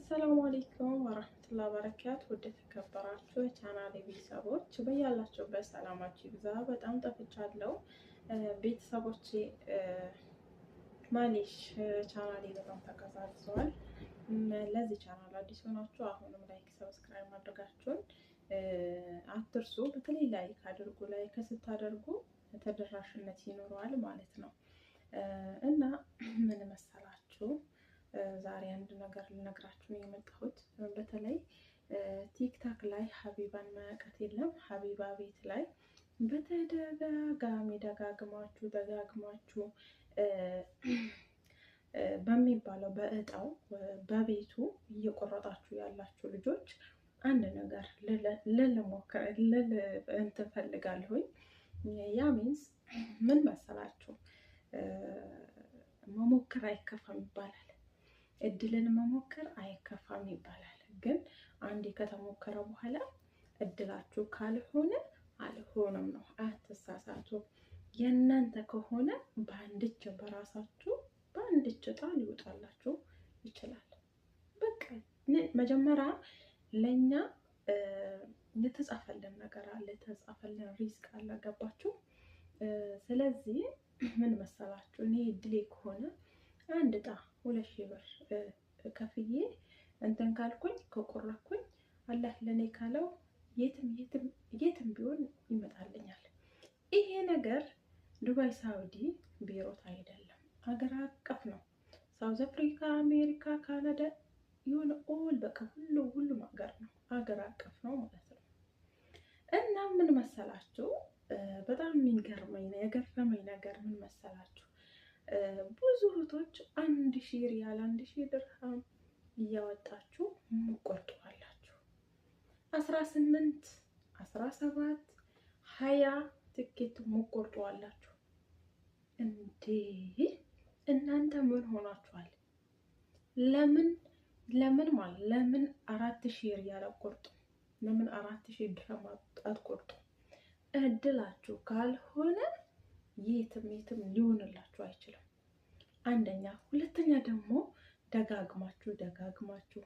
አሰላሙ አሌይኩም ወረህመቱላሂ ወበረካቱ። ውድ የተከበራችሁ የቻናሌ ቤተሰቦች በያላችሁበት ሰላማችሁ ይብዛ። በጣም ጠፍቻለሁ ቤተሰቦቼ፣ ማሌሽ ቻናሌ በጣም ተቀዛቅዟል። ለዚህ ቻናል አዲስ ሆናችሁ አሁንም ላይክ፣ ሰብስክራይብ ማድረጋችሁን አትርሱ። በተለይ ላይክ አድርጉ። ላይክ ስታደርጉ ተደራሽነት ይኖረዋል ማለት ነው እና ምን መሰላችሁ ዛሬ አንድ ነገር ልነግራችሁ ነው የመጣሁት። በተለይ ቲክታክ ላይ ሀቢባን ማያውቃት የለም። ሀቢባ ቤት ላይ በተደጋጋሚ ደጋግማችሁ ደጋግማችሁ በሚባለው በእጣው በቤቱ እየቆረጣችሁ ያላችሁ ልጆች አንድ ነገር ልልሞክር ልል ያ ሚንስ ምን መሰላችሁ መሞከር አይከፋም ይባላል። እድልን መሞከር አይከፋም ይባላል። ግን አንዴ ከተሞከረ በኋላ እድላችሁ ካልሆነ አልሆነም ነው። አትሳሳቱ። የእናንተ ከሆነ በአንድች በራሳችሁ በአንድች እጅ እጣ ሊወጣላችሁ ይችላል። በቃ መጀመሪያ ለእኛ የተጻፈልን ነገር አለ፣ የተጻፈልን ሪስክ አለ። ገባችሁ? ስለዚህ ምን መሰላችሁ እኔ እድሌ ከሆነ አንድ እጣ ሁለት ሺህ ብር ከፍዬ እንትን ካልኩኝ ከቆረኩኝ አላህ ለእኔ ካለው የትም ቢሆን ይመጣልኛል። ይሄ ነገር ዱባይ፣ ሳውዲ ቢሮት አይደለም፣ ሀገር አቀፍ ነው። ሳውዝ አፍሪካ፣ አሜሪካ፣ ካናዳ የሆነ ኦል በቃ ሁሉ ሁሉም ሀገር ነው፣ ሀገር አቀፍ ነው ማለት ነው። እና ምን መሰላችሁ በጣም የሚገርመኝ የገረመኝ ነገር ምን መሰላችሁ ብዙ እህቶች አንድ ሺ ሪያል አንድ ሺ ድርሃም እያወጣችሁ ቆርጠዋላችሁ። አስራ ስምንት አስራ ሰባት ሀያ ትኬት ቆርጠዋላችሁ። እንዴ እናንተ ምን ሆናችኋል? ለምን ለምን ማለት ለምን አራት ሺ ሪያል አቆርጡ? ለምን አራት ሺ ድርሃም አትቆርጡም? እድላችሁ ካልሆነ የትም የትም ሊሆንላችሁ አይችልም። አንደኛ። ሁለተኛ ደግሞ ደጋግማችሁ ደጋግማችሁ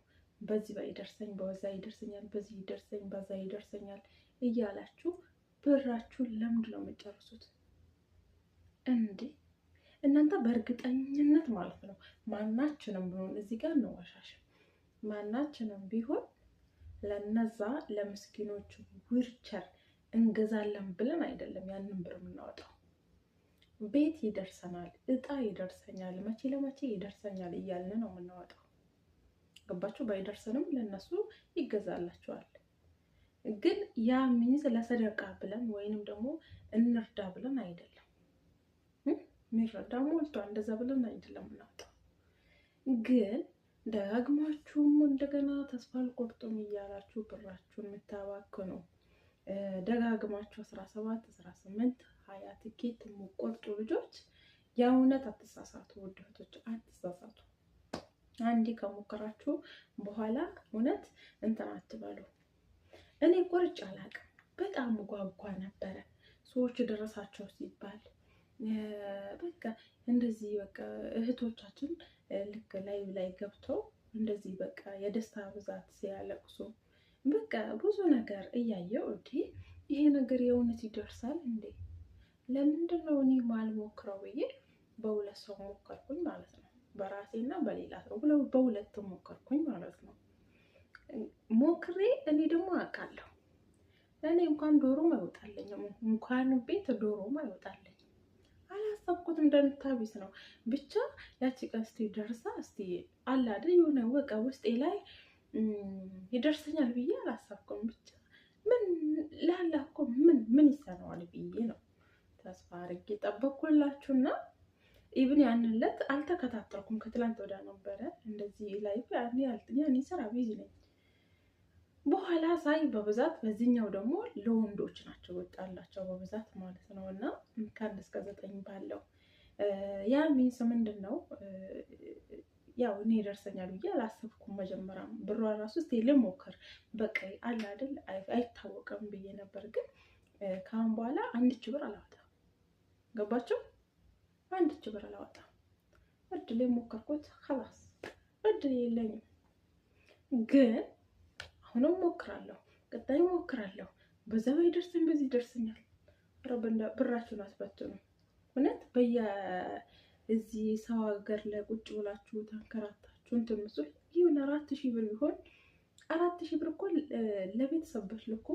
በዚህ ይደርሰኝ በዛ ይደርሰኛል፣ በዚህ ይደርሰኝ በዛ ይደርሰኛል እያላችሁ ብራችሁን ለምንድን ነው የምጨርሱት እንዴ? እናንተ በእርግጠኝነት ማለት ነው ማናችንም ቢሆን እዚህ ጋር እንወሻሽ ማናችንም ቢሆን ለነዛ ለምስኪኖቹ ዊልቸር እንገዛለን ብለን አይደለም ያንን ብር የምናወጣው ቤት ይደርሰናል፣ እጣ ይደርሰኛል፣ መቼ ለመቼ ይደርሰኛል እያልን ነው የምናወጣው። ገባችሁ? ባይደርሰንም ለእነሱ ይገዛላቸዋል። ግን ያ ሚንስ ለሰደቃ ብለን ወይንም ደግሞ እንርዳ ብለን አይደለም። የሚረዳ ሞልቷ እንደዛ ብለን አይደለም የምናወጣው። ግን ደጋግማችሁም እንደገና ተስፋ አልቆርጥም እያላችሁ ብራችሁን የምታባክኑ ደጋግማችሁ አስራ ሰባት አስራ ስምንት ሀያ ትኬት የምትቆርጡ ልጆች የእውነት አትሳሳቱ፣ ውድ እህቶች አትሳሳቱ። አንዴ ከሞከራችሁ በኋላ እውነት እንትን አትበሉ። እኔ ቆርጬ አላውቅም። በጣም ጓጓ ነበረ ሰዎች ደረሳቸው ሲባል በቃ እንደዚህ በቃ እህቶቻችን ልክ ላይ ላይ ገብተው እንደዚህ በቃ የደስታ ብዛት ሲያለቅሱ በቃ ብዙ ነገር እያየው እንዴ ይሄ ነገር የእውነት ይደርሳል እንዴ ለምንድን ነው እኔ ማልሞክረው ብዬ በሁለት ሰው ሞከርኩኝ ማለት ነው። በራሴ እና በሌላ ሰው ብለው በሁለት ሞከርኩኝ ማለት ነው። ሞክሬ እኔ ደግሞ አውቃለሁ። እኔ እንኳን ዶሮም አይወጣለኝም፣ እንኳን ቤት ዶሮም አይወጣለኝም። አላሰብኩት እንደምታቢስ ነው ብቻ ያቺ ቀን እስቲ ደርሳ እስቲ አላደ የሆነ ወቀ ውስጤ ላይ ይደርሰኛል ብዬ አላሰብኩም። ብቻ ምን ላላ ምን ምን ይሰራዋል ብዬ አድርጌ ጠበቅኩላችሁና ኢብን ያንን ዕለት አልተከታተልኩም። ከትላንት ወዳ ነበረ እንደዚህ ላይ ያኔ ስራ ቢዚ ነኝ። በኋላ ሳይ በብዛት በዚህኛው ደግሞ ለወንዶች ናቸው ወጣላቸው በብዛት ማለት ነው። እና ከአንድ እስከ ዘጠኝ ባለው ያ ሚንስ ምንድን ነው ያው እኔ ይደርሰኛል ብዬ አላሰብኩም። መጀመሪያም ብሯ ራሱ ስ ልሞክር በቃ አለ አይደል አይታወቅም ብዬ ነበር። ግን ከአሁን በኋላ አንድች ብር አላወጣም ገባችሁ? አንድች ብር አላወጣም። እድል የሞከርኩት ከላስ እድል የለኝም፣ ግን አሁንም ሞክራለሁ፣ ቀጣይ ሞክራለሁ። በዛ ላይ ደርስኝ፣ በዚህ ደርስኛል። ብራችሁን አትበትኑ። እውነት በየ እዚህ ሰው ሀገር ላይ ቁጭ ብላችሁ ተንከራታችሁ እንትን ምስል ይሁን አራት ሺህ ብር ቢሆን አራት ሺህ ብር እኮ ለቤተሰብ ብትልኩ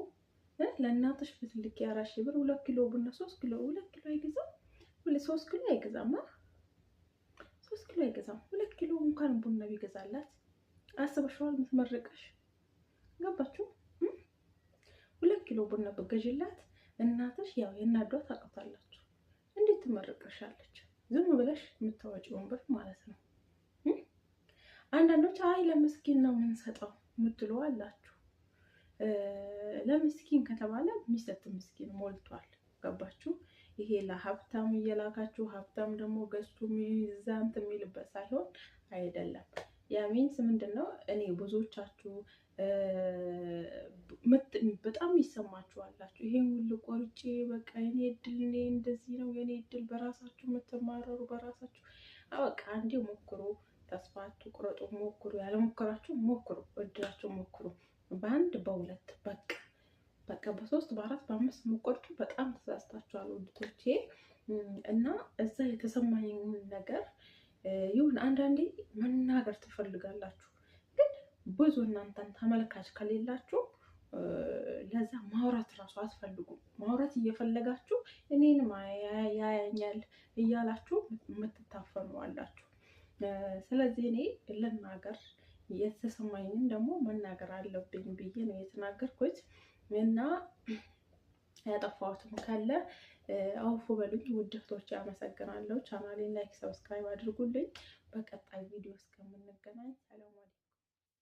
ለእናትሽ ብትልኪ አራት ሺህ ብር ሁለት ኪሎ ቡና ሶስት ኪሎ ሁለት ኪሎ አይገዛም። ሶስት ኪሎ አይገዛማ። ሶስት ኪሎ አይገዛም። ሁለት ኪሎ እንኳን ቡና ቢገዛላት አስበሽዋል? ምትመርቀሽ ገባችሁ? ሁለት ኪሎ ቡና ብገዥላት እናትሽ ያው የናዷ ታቀፋላችሁ። እንዴት ትመርቀሻለች? ዝም ብለሽ የምታወጪውን ብር ማለት ነው። አንዳንዶች አይ ለምስኪን ነው የምንሰጠው የምትሉ አላችሁ። ለምስኪን ከተባለ የሚሰጥ ምስኪን ሞልቷል። ገባችሁ? ይሄ ለሀብታም እየላካችሁ ሀብታም ደግሞ ገዝቶ ሚዛንት የሚልበት ሳይሆን አይደለም። ያ ሚንስ ምንድን ነው? እኔ ብዙዎቻችሁ በጣም ይሰማችኋላችሁ። ይሄን ሁሉ ቆርጬ በቃ የኔ እድል እኔ እንደዚህ ነው የኔ እድል፣ በራሳችሁ የምትማረሩ በራሳችሁ በቃ አንዴ ሞክሩ፣ ተስፋችሁ ቁረጡ፣ ሞክሩ፣ ያለሞከራችሁ ሞክሩ፣ እድላችሁ ሞክሩ። በአንድ በሁለት በቃ በቃ በሶስት በአራት በአምስት መቆርጡ በጣም ተሳስታችኋል ውድቶቼ። እና እዛ የተሰማኝን ነገር ይሁን አንዳንዴ መናገር ትፈልጋላችሁ፣ ግን ብዙ እናንተን ተመልካች ከሌላችሁ ለዛ ማውራት እራሱ አትፈልጉም። ማውራት እየፈለጋችሁ እኔንም ያያኛል እያላችሁ የምትታፈኑ አላችሁ። ስለዚህ እኔ ልናገር የተሰማኝን ደግሞ መናገር አለብኝ ብዬ ነው የተናገርኩት እና ያጠፋሁትም ካለ አውፎ በሉኝ። ውድፍቶች አመሰግናለሁ። ቻናሌን ላይክ፣ ሰብስክራይብ አድርጉልኝ። በቀጣይ ቪዲዮ እስከምንገናኝ ሰላም።